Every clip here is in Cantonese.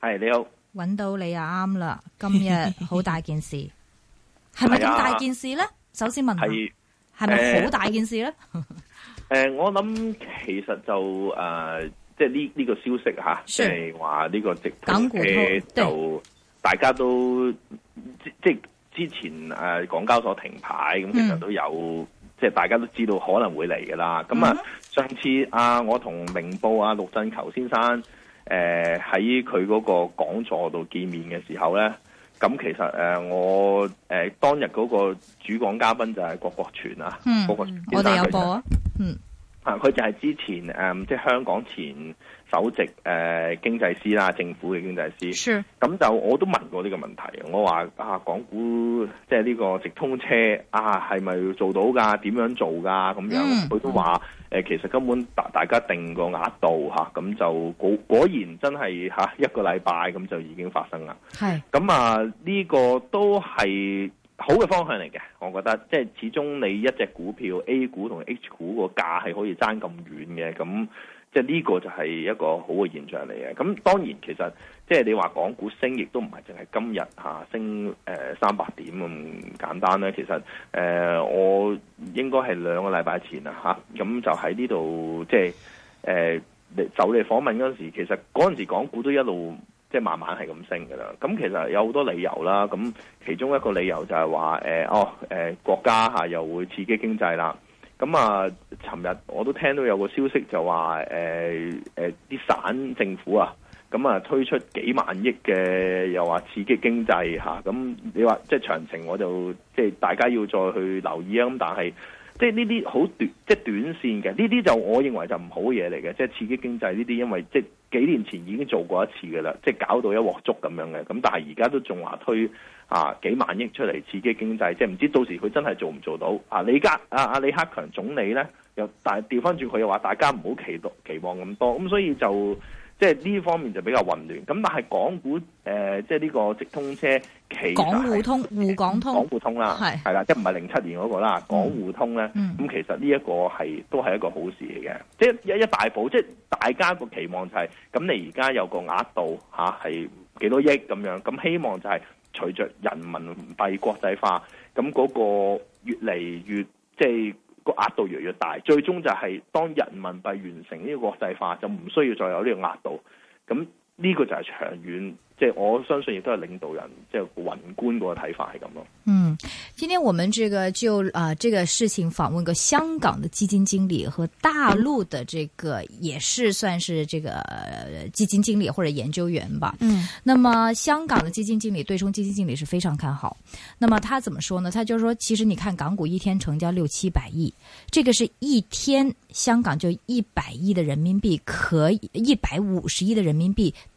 係你好，揾到你啊，啱啦！今日好大件事，係咪咁大件事咧、啊？首先問下，係咪好大件事咧？誒、呃 呃，我諗其實就誒，即係呢呢個消息吓，即係話呢個直股就大家都即即之前誒、呃、港交所停牌咁，其實都有，嗯、即係大家都知道可能會嚟噶啦。咁啊、嗯，上次啊，我同明報啊，陸振球先生。誒喺佢嗰個講座度見面嘅時候咧，咁其實誒、呃、我誒、呃、當日嗰個主講嘉賓就係郭國全啊，嗯、郭國全我哋有播啊，就是、嗯。佢就係之前即係、嗯即係、香港前首席誒經濟師啦，政府嘅經濟師。咁、Sure. 就我都問過呢個問題，我話啊，港股即係呢個直通車啊，係咪做到㗎？點樣做㗎？咁樣佢都話其實根本大大家定個額度咁、啊、就果然真係一個禮拜咁就已經發生啦。咁、Yes. 啊，呢、呢個都係。好嘅方向嚟嘅，我覺得即係始終你一隻股票 A 股同 H 股個價係可以爭咁遠嘅，咁即係呢個就係一個好嘅現象嚟嘅。咁當然其實即係你話港股升，亦都唔係淨係今日下、啊、升誒三百點咁簡單咧。其實誒、呃、我應該係兩個禮拜前啦嚇，咁、啊、就喺呢度即係誒、呃、就嚟訪問嗰時，其實嗰陣時港股都一路。即係慢慢係咁升嘅啦，咁其實有好多理由啦，咁其中一個理由就係話：誒、呃、哦誒、呃、國家吓又會刺激經濟啦，咁啊，尋日我都聽到有個消息就話誒誒啲省政府啊，咁啊推出幾萬億嘅又話刺激經濟吓。咁、啊、你話即係詳情，我就即係大家要再去留意啊，咁但係即係呢啲好短即係短線嘅，呢啲就我認為就唔好嘢嚟嘅，即係刺激經濟呢啲，因為即幾年前已經做過一次嘅啦，即係搞到一鑊粥咁樣嘅，咁但係而家都仲話推啊幾萬億出嚟刺激經濟，即係唔知到時佢真係做唔做到？啊，李家啊，阿李克強總理咧又大調翻轉，佢又話大家唔好期期望咁多，咁所以就即係呢方面就比較混亂。咁但係港股誒、呃，即係呢個直通車。港互通、滬港通、港互通啦，係係啦，即係唔係零七年嗰個啦。嗯、港互通咧，咁、嗯、其實呢一個係都係一個好事嚟嘅，即、就、係、是、一一大步，即、就、係、是、大家個期望就係、是，咁你而家有個額度吓係幾多億咁樣，咁希望就係隨着人民幣國際化，咁嗰個越嚟越即係、就是、個額度越來越大，最終就係當人民幣完成呢個國際化，就唔需要再有呢個額度，咁呢個就係長遠。即係我相信，亦都係領導人，即係宏觀嗰個睇法係咁咯。嗯，今天我們這個就啊、呃，這個事情訪問過香港的基金經理和大陸的這個也是算是這個基金經理或者研究員吧。嗯，那麼香港的基金經理對沖基金經理是非常看好。那麼他怎麼說呢？他就是說，其實你看港股一天成交六七百億，這個是一天香港就一百億的人民幣，可以一,一百五十億的人民幣。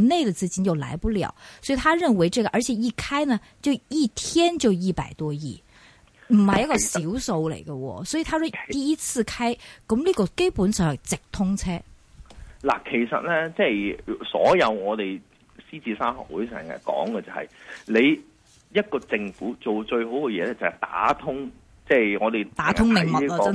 內嘅資金就來不了，所以他認為這個，而且一開呢就一天就一百多億，唔係一個小數嚟嘅喎，所以他第一次開，咁 呢個基本上係直通車。嗱，其實呢，即係所有我哋獅子山學會成日講嘅就係，你一個政府做最好嘅嘢呢，就係打通。即係我哋打通名物、這個、真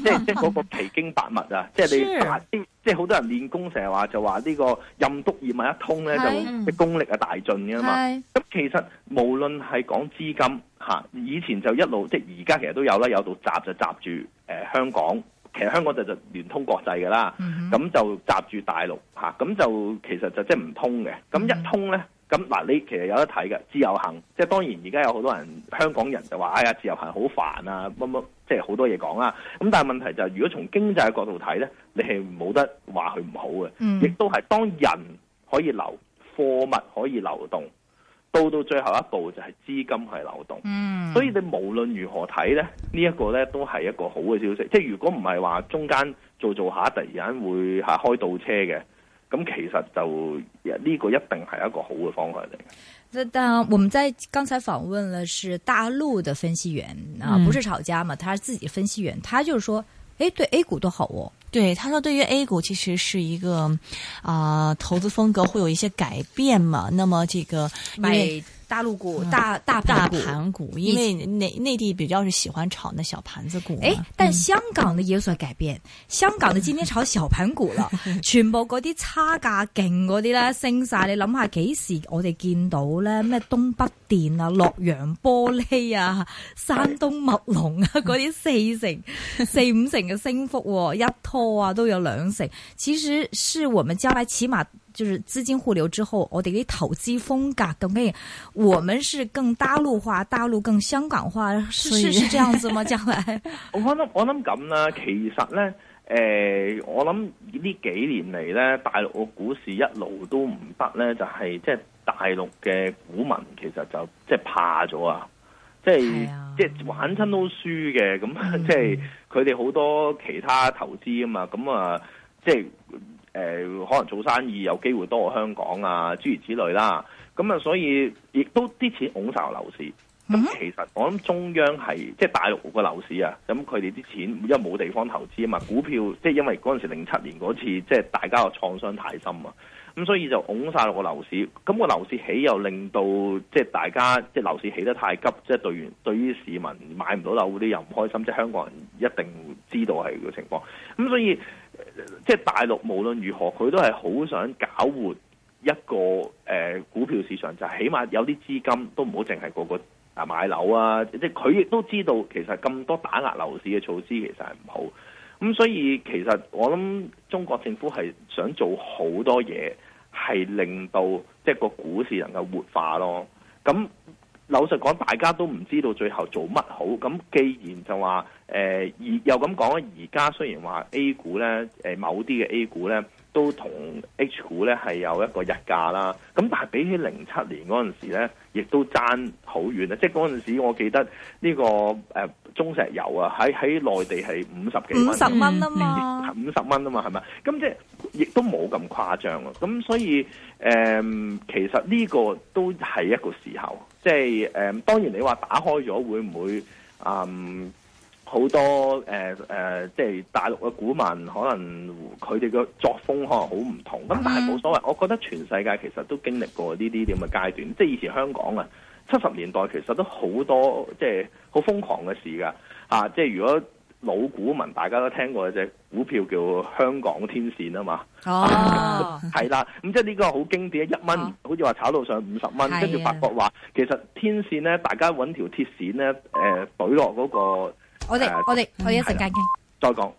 即係即嗰個奇經八脈啊！即 係是你打即即係好多人練功成日話就話呢個任督二脈一通咧，就功力啊大進嘅嘛。咁其實無論係講資金嚇，以前就一路即係而家其實都有啦，有道閘就閘住，呃、香港，其實香港就就聯通國際㗎啦。咁、嗯、就閘住大陸咁、啊、就其實就即係唔通嘅。咁一通咧～、嗯。咁嗱，你其實有得睇嘅自由行，即係當然而家有好多人香港人就話：哎呀，自由行好煩啊，乜乜即係好多嘢講啦。咁但係問題就係、是，如果從經濟嘅角度睇咧，你係冇得話佢唔好嘅，亦都係當人可以流，貨物可以流動，到到最後一步就係資金係流動。嗯，所以你無論如何睇咧，這個、呢一個咧都係一個好嘅消息。即係如果唔係話中間做一做一下，突然間會係開倒車嘅。咁其實就呢、這個一定係一個好嘅方法嚟。那當我們在剛才訪問了是大陸的分析員啊、嗯，不是炒家嘛，他是自己的分析員，他就是說，誒、欸、對 A 股都好喎、哦。對，他說對於 A 股其實是一個啊、呃，投資風格會有一些改變嘛。那麼這個，因、yeah. 大陸股、嗯、大大大盤股，因為內內地比較是喜歡炒那小盤子股、啊。哎，但香港的也有所改變、嗯，香港的今天炒小盤股了， 全部嗰啲差價勁嗰啲咧升晒。你諗下，幾時我哋見到咧？咩東北電啊、洛陽玻璃啊、山東麥隆啊，嗰啲四成、 四五成嘅升幅、哦，一拖啊都有兩成。其實是我們將來起碼。就是資金互流之後，我哋啲投資風格。咁嘅，我們是更大陸化， 大陸更香港化，是 是是這樣子嗎？將來我諗我諗咁啦，其實咧，誒、呃，我諗呢幾年嚟咧，大陸嘅股市一路都唔得咧，就係即係大陸嘅股民其實就、就是了就是啊、即係怕咗啊，即係即係玩親都輸嘅，咁即係佢哋好多其他投資啊嘛，咁啊、呃、即係。誒、呃、可能做生意有機會多過香港啊，諸如此類啦。咁啊，所以亦都啲錢湧曬樓市。咁其實我諗中央係即係大陸個樓市啊，咁佢哋啲錢因為冇地方投資啊嘛，股票即係、就是、因為嗰陣時零七年嗰次即係、就是、大家創傷太深啊。咁所以就拱晒落個樓市，咁個樓市起又令到即係大家即係樓市起得太急，即係對於對於市民買唔到樓嗰啲又唔開心，即係香港人一定知道係個情況。咁所以即係大陸無論如何，佢都係好想搞活一個誒股票市場，就起碼有啲資金都唔好淨係個個啊買樓啊，即係佢亦都知道其實咁多打壓樓市嘅措施其實係唔好。咁所以其實我諗中國政府係想做好多嘢，係令到即係個股市能夠活化咯。咁老實講，大家都唔知道最後做乜好。咁既然就話而、呃、又咁講，而家雖然話 A 股咧、呃，某啲嘅 A 股咧。都同 H 股咧係有一個日價啦，咁但係比起零七年嗰陣時咧，亦都爭好遠啊！即係嗰陣時，我記得呢、這個誒、呃、中石油啊，喺喺內地係五十幾蚊，五十蚊啊嘛，五十蚊啊嘛，係咪？咁即係亦都冇咁誇張啊！咁所以誒、呃，其實呢個都係一個時候，即係誒、呃，當然你話打開咗會唔會啊？呃好多誒誒、呃呃，即係大陸嘅股民，可能佢哋嘅作風可能好唔同。咁、嗯、但係冇所謂，我覺得全世界其實都經歷過呢啲咁嘅階段。即係以前香港啊，七十年代其實都好多即係好瘋狂嘅事㗎、啊。即係如果老股民大家都聽過一隻股票叫香港天線啊嘛。哦，係啦。咁即係呢個好經典，一蚊、哦、好似話炒到上五十蚊，跟住發覺話其實天線咧，大家揾條鐵線咧，誒、呃，舉落嗰個。我哋我哋我一陣間傾，再講。